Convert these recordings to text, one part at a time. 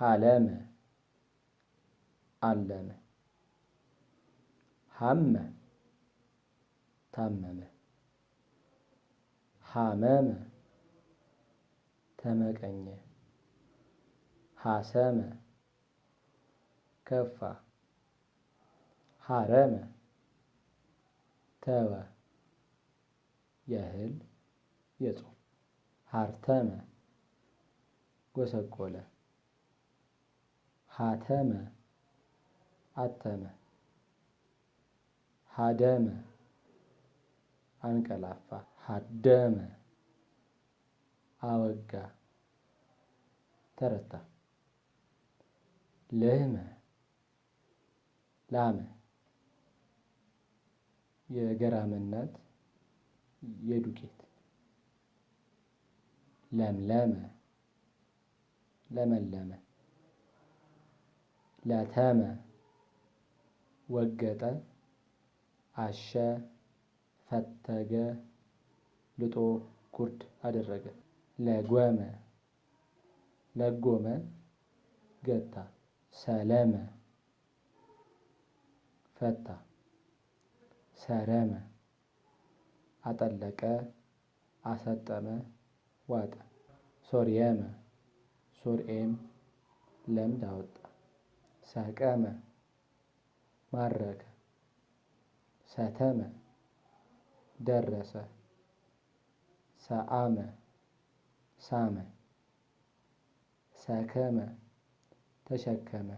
ሀለመ አለመ ሀመ ታመመ ሀመመ ተመቀኘ ሀሰመ ከፋ ሀረመ ተወ የእህል የጾም ሀርተመ ጎሰቆለ ሀተመ አተመ ሀደመ አንቀላፋ ሀደመ አወጋ ተረታ ልህመ ላመ የገራም እናት የዱቄት ለምለመ ለመለመ ለተመ ወገጠ አሸ ፈተገ ልጦ ጉርድ አደረገ። ለጎመ ለጎመ ገታ ሰለመ ፈታ ሰረመ አጠለቀ አሰጠመ ዋጠ ሶርየመ ሶርኤም ለምድ አወጣ ሰቀመ ማረከ ሰተመ ደረሰ ሰአመ ሳመ ሰከመ ተሸከመ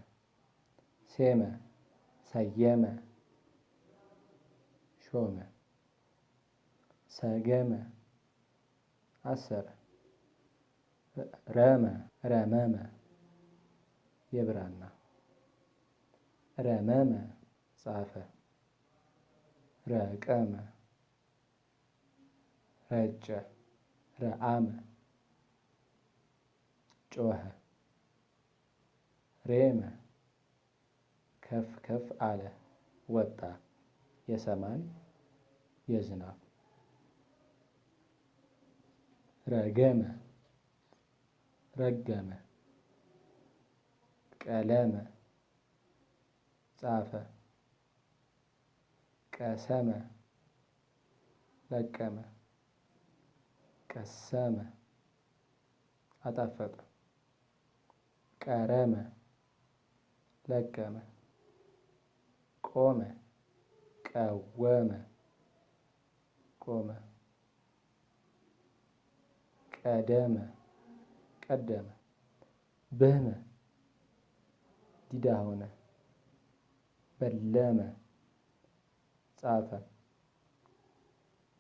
ሴመ ሰየመ ሾመ ሰገመ አሰረ ረመ ረመመ የብራና ረመመ ጻፈ ረቀመ ረጨ ረአመ ጮኸ ሬመ ከፍ ከፍ አለ ወጣ የሰማይ የዝናብ ረገመ ረገመ ቀለመ ጻፈ ቀሰመ ለቀመ ቀሰመ አጣፈጠ ቀረመ ለቀመ ቆመ ቀወመ ቆመ ቀደመ ቀደመ በህመ ዲዳ ሆነ በለመ ጻፈ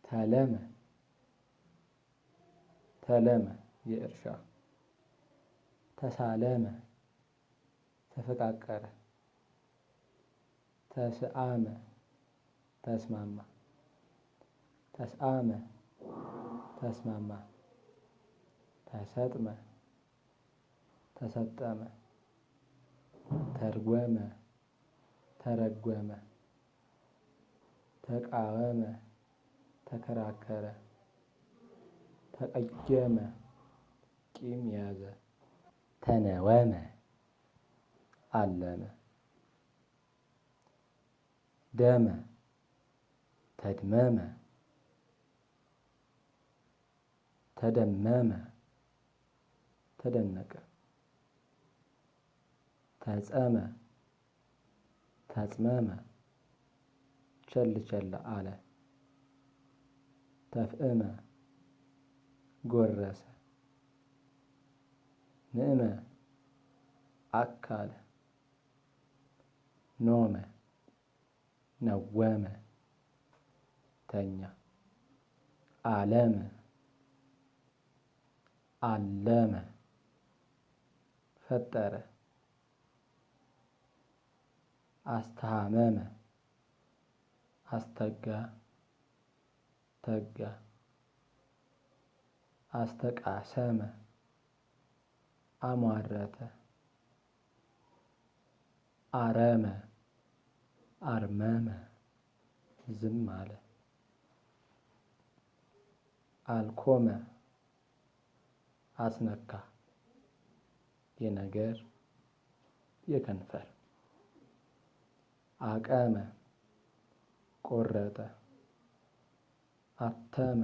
ተለመ ተለመ የእርሻ ተሳለመ ተፈቃቀረ ተስአመ ተስማማ ተስአመ ተስማማ ተሰጥመ ተሰጠመ ተርጎመ ተረጎመ፣ ተቃወመ፣ ተከራከረ፣ ተቀየመ፣ ቂም ያዘ፣ ተነወመ፣ አለመ፣ ደመ፣ ተድመመ፣ ተደመመ፣ ተደነቀ፣ ተጸመ ተጽመመ ቸል ቸል አለ ተፍእመ ጎረሰ ንእመ አካለ ኖመ ነወመ ተኛ አለመ አለመ ፈጠረ አስታመመ አስተጋ ተጋ አስተቃሰመ አሟረተ አረመ አርመመ ዝም አለ አልኮመ አስነካ የነገር የከንፈር አቀመ ቆረጠ አተመ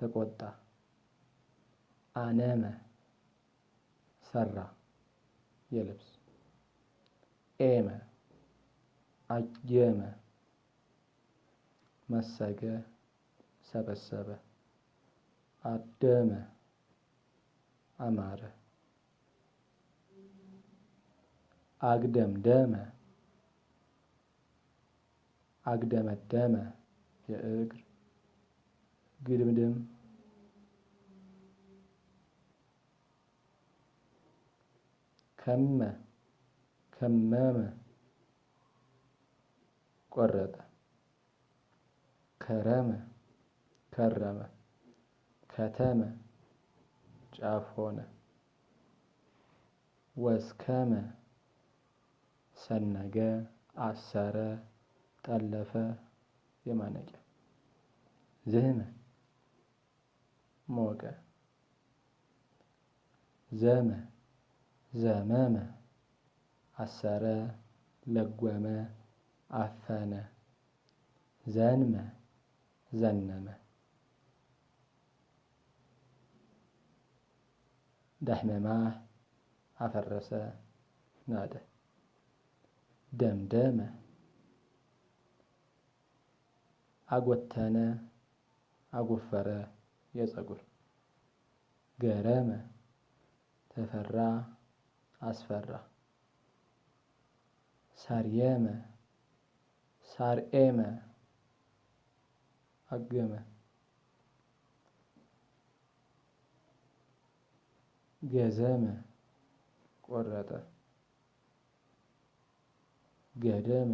ተቆጣ አነመ ሰራ የልብስ ኤመ አየመ መሰገ ሰበሰበ አደመ አማረ አግደምደመ አግደመደመ የእግር ግድምድም ከመ ከመመ ቆረጠ ከረመ ከረመ ከተመ ጫፍ ሆነ ወስከመ ሰነገ፣ አሰረ፣ ጠለፈ የማነቂያ ዝህመ ሞቀ ዘመ ዘመመ አሰረ ለጓመ አፈነ ዘንመ ዘነመ ዳህመማ አፈረሰ ናደ ደምደመ አጎተነ አጎፈረ የፀጉር ገረመ ተፈራ አስፈራ ሳርየመ ሳርኤመ አገመ ገዘመ ቆረጠ ገደመ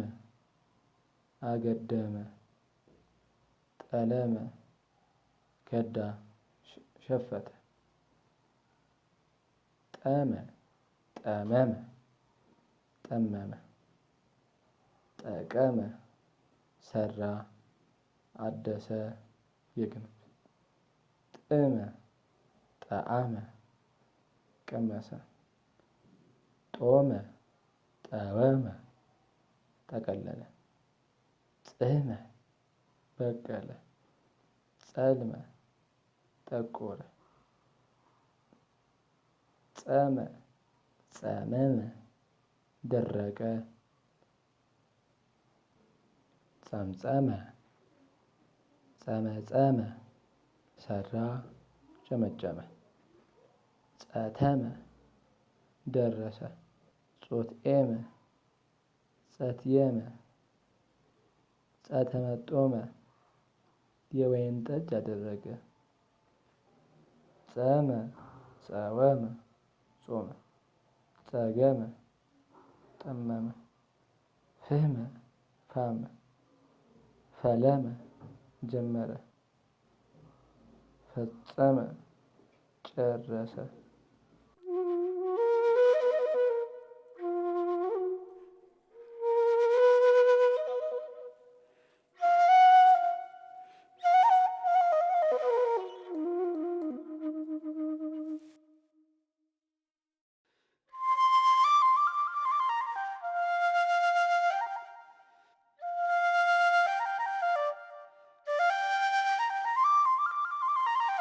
አገደመ ጠለመ ከዳ ሸፈተ ጠመ ጠመመ ጠመመ ጠቀመ ሰራ አደሰ የግንብ ጥመ ጠአመ ቀመሰ ጦመ ጠወመ ጠቀለለ፣ ጽህመ በቀለ፣ ጸልመ ጠቆረ፣ ጸመ ጸመመ ደረቀ፣ ጸምጸመ ጸመጸመ ሰራ ጨመጨመ፣ ጸተመ ደረሰ፣ ጾትኤመ ጸትየመ ጸተመጦመ የወይን ጠጅ አደረገ። ጸመ ጸወመ ጾመ ጸገመ ጠመመ ፍህመ ፋመ ፈለመ ጀመረ ፈጸመ ጨረሰ